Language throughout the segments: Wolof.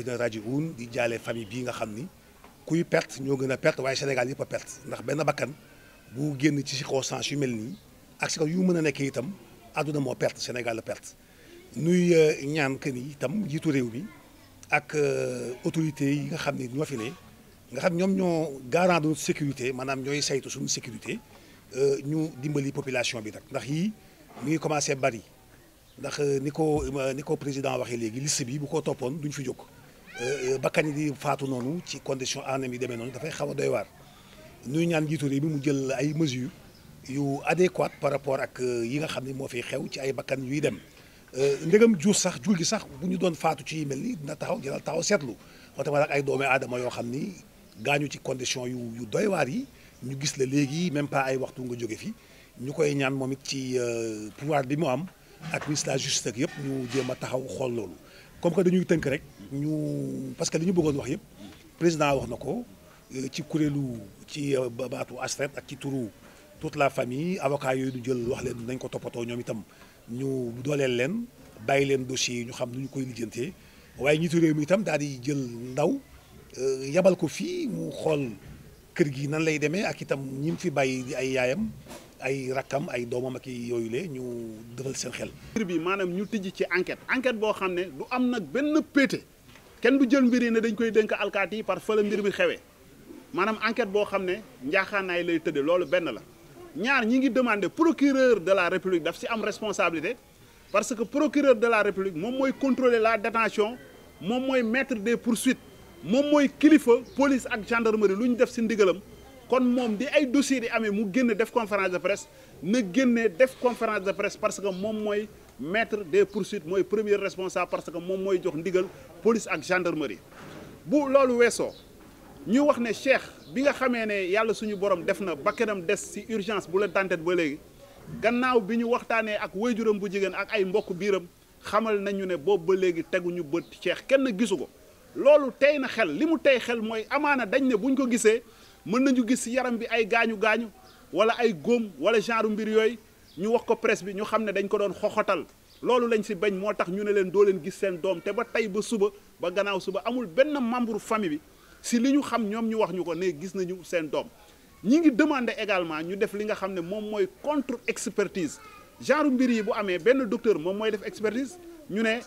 ilaahina rajiun di jale famille bi nga xamni kuy perte ñoo gëna perte waaye Sénégal yépp perte ndax benn bakkan bu génn ci circonstances yu mel nii ak si yu mëna a nekk itam aduna mo perte Sénégal la perte nuy euh, ñaan que ni itam jitu réew mi ak euh, autorité yi nga xamni ni ñoo fi ne nga xam ñom ñoo garant de sécurité manam ñoy saytu suñu sécurité euh, ñu dimbali population bi nag ndax yi mi ngi commencé bari ndax niko niko président waxee légui liste bi bu ko topone duñ fi jóg. Euh, euh, bakkan yi di faatu noonu ci condition anam yi demee noonu dafay xaw a ñuy ñaan njiitu yi bi mu jël ay mesures yu adéquate par rapport ak euh, yi nga xam ne moo fiy xew ci ay bakkan yuy dem ndegam jur sax jur gi sax bu ñu doon faatu ci yi mel ni dina taxaw dina taxaw seetlu waxtama ak ay doomi aadama yoo xam ni gaañu ci condition yu yu doy waar yi ñu gis la léegi même pas ay waxtu nga jóge fi ñu koy ñaan moom it ci pouvoir bi mu am ak ministre la justice yëpp ñu jéem a taxaw xool loolu comme que dañuy tënk rek ñu parce que li ñu bëggoon wax yëpp président wax na ko euh, ci kuréelu ci euh, baatu ASFET ak ci turu tout la famille avocat yooyu ñu jël wax leen nañ ko toppatoo ñoom itam ñu dooleel leen bàyyi leen dossier ñu xam lu ñu koy lijjantee waaye ñu réew mu itam daal di jël ndaw euh, yabal ko fii mu xool kër gi nan lay demee ak itam ñi mu fi bàyyi ay yaayam ay rakam ay doomam ak yooyu le ñu defal seen xel. mbir bi manam ñu tijji ci enquête enquête bo xam du am nak ben pété kenn du jël mbir yi ne dañ koy dénk alkaati par feul mbir bi xewé manam enquête bo xam ne njaaxaanaay lay tëddee loolu ben la ñaar ñi ngi demander procureur de la république daf ci am responsabilité parce que procureur de la république mom moy contrôler la détention mom moy maître des poursuites mom moy kilifa police ak gendarmerie luñ def ci ndigalam kon mom di ay dossier di amé mu génne def conférence de presse na génne def conférence de presse parce que mom moy maître des poursuites moy premier responsable parce que mom moy jox ndigal police ak gendarmerie bu loolu wesso ñu wax né Cheikh bi nga xamé né yalla suñu borom def na bakkanam dess ci urgence bu la dantet ba légui gannaaw bi ñu waxtaanee ak wayjuram bu jigen ak ay mbokk biiram xamal nañu né boobu ba léegi teguñu bëtt Cheikh kenn gisu ko loolu tey na xel limu tay xel moy amana dañ né buñ ko gisee mën nañu gis si yaram bi ay gaañu gaañu wala ay gom wala genre mbir yooyu ñu wax ko presse bi ñu xam ne dañ ko doon xoxotal loolu lañ si bañ moo tax ñu ne leen doo leen gis seen doom te ba tey ba suba ba gannaaw suba amul benn membre famille bi si li ñu xam ñoom ñu wax ñu ko ne gis nañu seen doom ñi ngi demander également ñu def li nga xam ne moom mooy contre expertise genre mbir yi bu amee benn docteur moom mooy def expertise ñu ne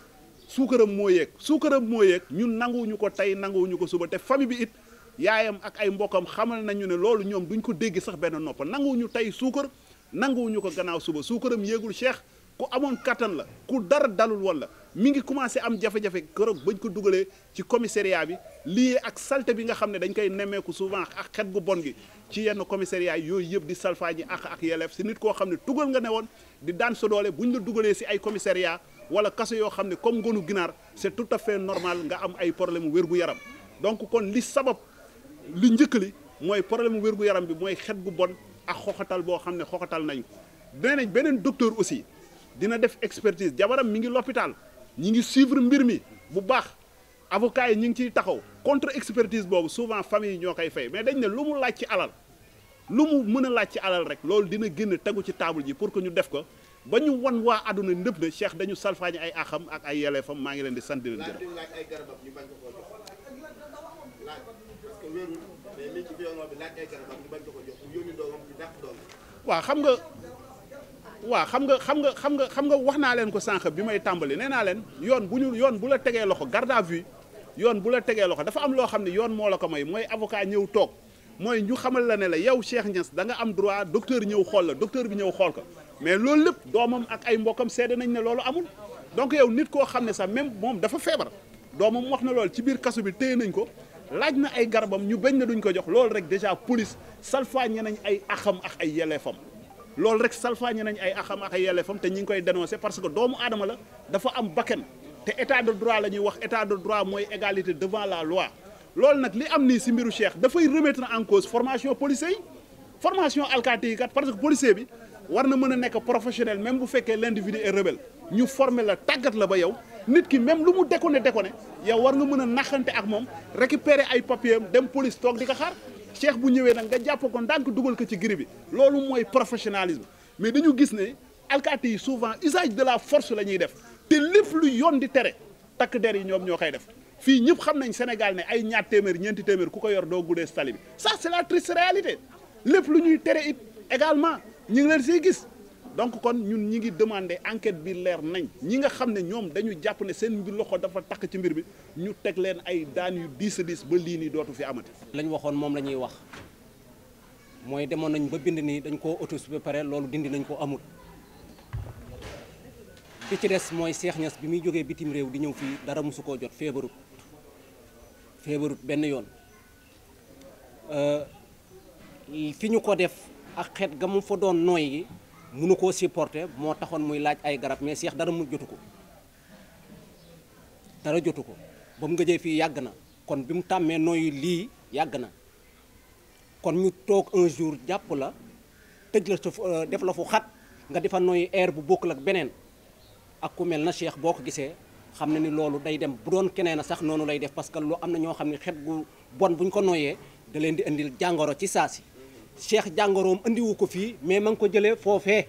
suukaram moo yéeg suukaram moo yéeg ñun nanguwuñu ko tey nanguwuñu ko suba te famille bi it yaayam ak ay mbokkam xamal nañu ne loolu ñoom duñ ko dégg sax benn nopp ñu tey suukar ñu ko gannaaw suba suukaram yéegul cheikh ku amoon kattan la ku dara dalul woon la mi ngi commencé am jafe-jafe keroog bañ ko dugalee ci commissariat bi lii ak salte bi nga xam ne dañ koy nemmeeku souvent ak xet gu bon gi ci yenn commissariat yooyu yëpp di salfaañi ak ak yelleef si nit koo xam ne tugal nga ne woon di daan sa doole buñ la dugalee si ay commissariat wala kaso yoo xam ne comme ngonu ginaar c'est tout à fait normal nga am ay problème wér gu yaram donc kon li sabab li njëkkali mooy problème mu wér-gu-yaram bi mooy xet gu bon ak xoxatal boo xam ne xoxatal nañ ko beneen docteur aussi dina def expertise jabaram mi ngi l'hôpital ñi ngi suivre mbir mi bu baax avocat yi ñu ngi ciy taxaw contre expertise boobu souvent famille yi ñoo koy fay mais dañ ne lu mu laaj ci alal lu mu mën a laaj ci alal rek loolu dina génn tegu ci taabul ji pour que ñu def ko ba ñu won waa àdduna ndëpp ne Cheikh dañu salfaañi ay axam ak ay yelleefam maa ngi leen di sant di leen gërëm wérul waaw xam nga waa xam nga xam nga xam nga xam nga wax naa leen ko sànq bi may tàmbali nee naa leen yoon bu ñu yoon bu la tegee loxo garde à vue yoon bu la tegee loxo dafa am loo xam ne yoon moo la ko may mooy avocat ñëw toog mooy ñu xamal la ne la yow Cheikh Niass da nga am droit docteur ñëw xool la docteur bi ñëw xool ko mais loolu lépp doomam ak ay mbokkam seede nañ ne loolu amul donc yow nit koo xam ne sax même moom dafa feebar doomam wax na loolu ci biir kaso bi téye nañ ko laaj na ay garbam ñu bañ na duñ ko jox lool rek déjà police salfaañe nañ ay axam ak ay yelefam lool rek salfaañe nañ ay axam ak ay yelefam té ñing koy dénoncer parce que doomu aadama la dafa am bakken té état de droit lañuy wax état de droit moy égalité devant la loi lool nak li am ni ci mbiru Cheikh da fay remettre en cause formation policier formation alkaati kat parce que policier bi war na mëna nek professionnel même bu féké l'individu est rebelle ñu former la tagat la ba yow nit ki même lu mu déconné déconné yow war nga mën a naxante ak moom récupérer ay papier dem police toog di ko xaar cheikh bu ñëwee nag nga jàpp ko ndànk dugal ko ci giri bi loolu mooy professionnalisme mais dañu gis ne alkaati yi souvent usage de la force la ñuy def te lépp lu yoon di tere takk der yi ñoom ñoo koy def fii ñëpp xam nañ Sénégal ne ay ñaar téeméer ñeenti téeméer ku ko yor doo guddee stali bi ça c'est la triste réalité lépp lu ñuy tere it également ñu ngi leen siy gis donc kon ñun ñi ngi demandé enquête bi leer nañ ñi nga xam ne ñoom dañu jàpp ne seen mbir loxo dafa takk ci mbir bi ñu teg leen ay daan yu diis a diis ba lii nii dootu fi amati. lañ waxoon moom la ñuy wax mooy demoon nañ ba bind nii dañ koo autopsie ba pare loolu dindi nañ ko amul fi ci des mooy Cheikh Niass bi muy jógee bitim réew di ñëw fii dara mosu koo jot feebarut feebarut benn yoon euh, fi ñu ko def ak xeet ga mu fa doon nooy yi mënu ko supporter moo taxoon muy laaj ay garab mais Cheikh dara mu jotu ko dara jotu ko ba mu gëjee fii yàgg na kon bi mu tàmmee nooyu lii yàgg na kon ñu toog un jour jàpp la tëj la su euh, def la fu xat nga defa nooyu air bu bokkul ak beneen ak ku mel na Cheikh boo ko gisee xam na ni loolu day dem bu doon keneen a sax noonu lay def parce que lu am na ñoo xam ne xet gu bon bu ñu ko nooyee da leen di indil jàngoro ci saa si Cheikh jàngoroom indiwu ko fii mais ma ngi ko jëlee foofee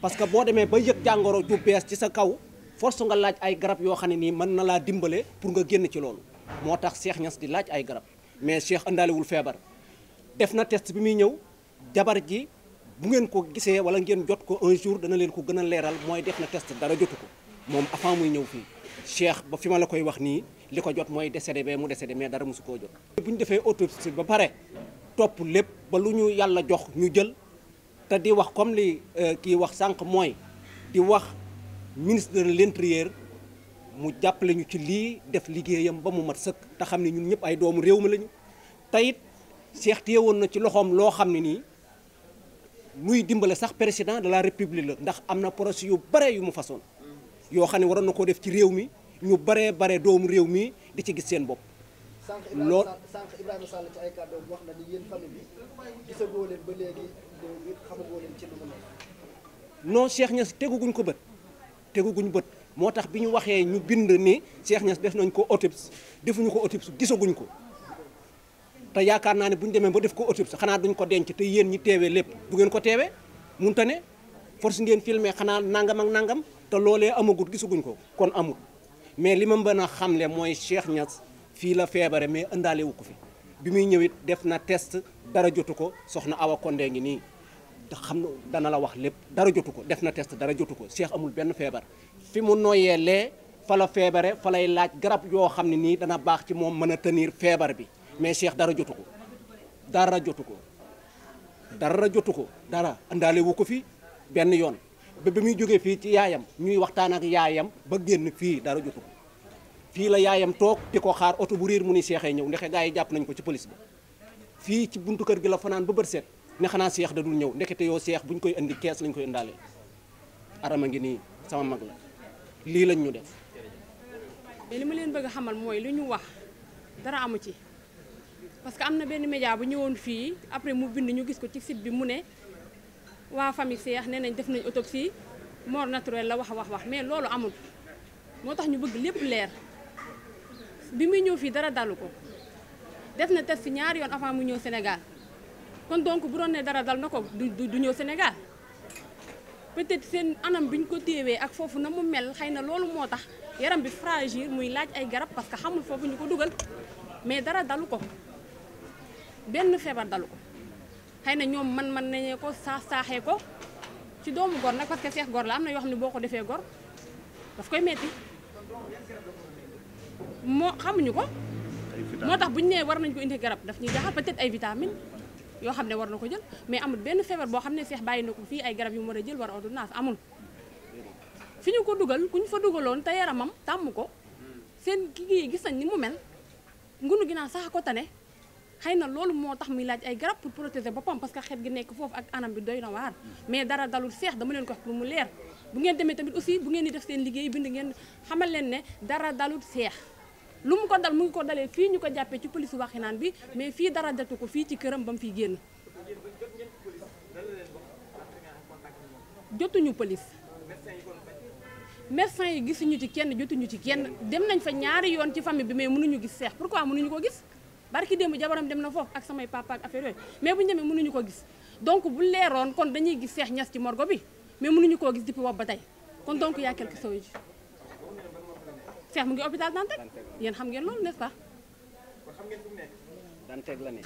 parce que boo demee ba yëg jàngoro ju bees ci sa kaw force nga laaj ay garab yoo xam ne nii mën na laa dimbale pour nga génn ci loolu moo tax Cheikh Niass di laaj ay garab mais Cheikh andaalewul feebar def na test bi muy ñëw jabar ji bu ngeen ko gisee wala ngeen jot ko un jour dana leen ko gën a leeral mooy def na test dara jotu ko moom avant muy ñëw fii Cheikh ba fi ma la koy wax nii li ko jot mooy décédé bee mu décédé mais dara mosu koo jot. bu defee autopsie ba pare. topp lépp ba lu ñu yàlla jox ñu jël te di wax comme li euh, kii wax sànq mooy di wax ministre de l'intérieur mu jàpp ñu ci lii def liggéeyam ba mu mat sëkk te xam ne ñun ñëpp ay doomu réew mi lañu te it Cheikh woon na ci loxoom loo xam ne nii muy dimbale sax président de la république la ndax am na projet yu bare yu mu façon yoo xam ne waroon na koo def ci réew mi ñu baree bare doomu réew mi di ci gis seen bopp. lool sànq Ibrahima Sall ci ay kàddoom wax na ni yéen famille bi gisagoo leen ba léegi xamagoo leen ko bët teguguñ bët moo tax bi ñu waxee ñu bind ni Cheikh Niass def nañ ko autopsie defuñu ko autopsie gisaguñ ko te yaakaar naa ne bu ñu demee ba def ko autopsie xanaa duñ ko denc te yéen ñi teewee lépp du ko teewee mun ta ne force ngeen filmé xanaa nangam ak nangam te loolee amagut gisaguñ ko kon amut mais li ma mën a xam xamle mooy Cheikh Niass. fii la feebare mais ëndaale wu ko fi bi muy ñëwit def na test dara jotu ko soxna Awa Kondé ngi nii te xam na dana la wax lépp dara jotu ko def na test dara jotu ko Cheikh amul benn feebar fi mu noyee lee fa la feebare fa lay laaj garab yoo xam ne nii dana baax ci moom mën a tenir feebar bi mais Cheikh dara jotu ko dara jotu ko dara jotu ko dara ëndaale ko fi benn yoon ba bi muy jógee fii ci yaayam ñuy waxtaan ak yaayam ba génn fii dara jotu ko fii la yaayam toog di ko xaar oto bu réer mu ni seexee ñëw ndeke gaa yi jàpp nañ ko ci police ba fii ci buntu kër gi la fanaan ba bët seet ne xanaa seex da dul ñëw ndekete yoo seex bu ñu koy indi kees lañ koy indaale arama ngi nii sama mag la lii lañ ñu def mais li ma leen bëgg a xamal mooy lu ñu wax dara amu ci parce que am na benn média bu ñëwoon fii après mu bind ñu gis ko ci site bi mu ne waa famille seex nee nañ def nañ autopsie mort naturelle la wax wax wax mais loolu amul moo tax ñu bëgg lépp leer bi muy ñëw fii dara dalu ko des na test ñaari yoon avant mu ñëw Sénégal kon donc bu doon ne dara dal na ko du du ñëw Sénégal peut-être seen anam bi ñu ko téewee ak foofu na mu mel xëy na loolu moo tax yaram bi fragile muy laaj ay garab parce que xamul foofu ñu ko dugal mais dara dalu ko benn feebar dalu ko xëy na ñoom man man nañee ko saax saaxee ko ci doomu gor nag parce que seex gor la am na yoo xam ne boo ko defee gor daf koy metti moo xamuñu ko moo tax bu ñu nee war nañ ko indi garab daf ñuy jaaxal peut-être ay vitamines yoo xam ne war na ko jël mais amut benn feebar boo xam ne seex bàyyi na ko fii ay garab yu mu war a jël war a ordonnance amul fi ñu ko dugal ku ñu fa dugaloon te yaramam tàmm ko seen kii gis nañ ni mu mel ngunu gi naan sax ko tane xay na loolu moo tax muy laaj ay garab pour protéger boppam parce que xeet gi nekk foofu ak anam bi doy na waar mais dara dalul seex dama leen ko mu leer bu ngeen demee tamit aussi bu ngeen di def seen liggéey bind ngeen xamal leen ne dara dalul seex lu mu ko dal mu ngi ko dalé fi ñu ko jàppee ci police waxinaan bi mais fi dara datu ko fii ci kërëm bam fi fiy génn jotuñu police médecin yi gisuñu ci kenn jotuñu ci kenn dem nañ fa ñaari yoon ci famille bi mais mënuñu gis seex pourquoi mënuñu ko gis barki démb jabaram dem na fof ak samay papa ak affaire yooyu mais buñu demé mënuñu ko gis donc bu leeroon kon dañuy gis seex ñass ci morgo bi mais mënuñu ko gis depuis wa ba tey kon donc ya quelque chose Cheikh mu ngi hôpital Dantec yéen xam ngeen loolu n'est-ce pas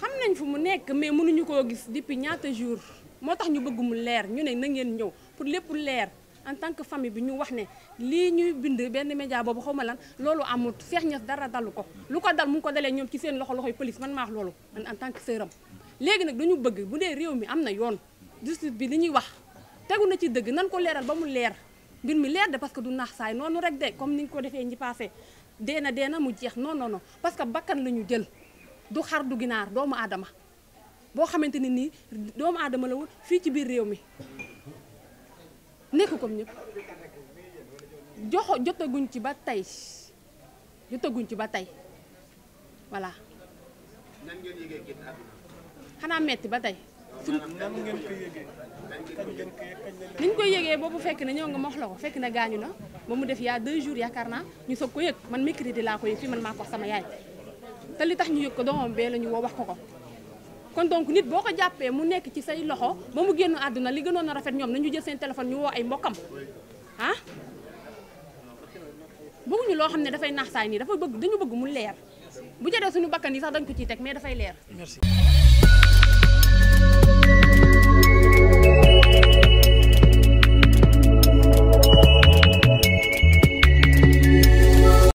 xam nañ fu mu nekk mais mënuñu koo gis depuis ñaata jour moo tax ñu bëgg mu leer ñu ne na ngeen ñëw pour lépp leer en tant que famille bi ñu wax ne lii ñuy bind benn média boobu xaw ma lan loolu amut Cheikh Niass dara dalu ko lu ko dal mu ko dalee ñoom ci seen loxo loxoy police man maa loolu man en tant que sœuram léegi nag dañu bëgg mu dee réew mi am na yoon justice bi li ñuy wax tegu na ci dëgg nan ko leeral ba mu leer mbir mi leer de parce que du naax saay noonu rek de comme ni nga ko defee ñi passé deena deena mu jeex noon non non parce que bakkan la ñu jël du xar du ginaar doomu aadama boo xamante ne nii doomu aadama la woon fii ci biir réew mi nekk comme ñëpp joxo jotaguñ ci ba tey jotaguñ ci ba tey voilà. xanaa metti ba tey. niñ koy yëgee boobu fekk na ñëw nga ma wax la ko fekk na gaañu na ba mu def yaa deux jours yaakaar naa ñu soog ko yëg man mercredi laa ko yëg fii man maa ko wax sama yaay te li tax ñu yëg ko doomam bee la ñu woo wax ko ko kon donc nit boo ko jàppee mu nekk ci say loxo ba mu génn àdduna li gënoon a rafet ñoom nañu jël seen téléphone ñu woo ay mbokkam ah bëgguñu loo xam ne dafay naax saay nii dafa bëgg dañu bëgg mu leer bu jëlee suñu bakkan yi sax dañ ko ciy teg mais dafay leer merci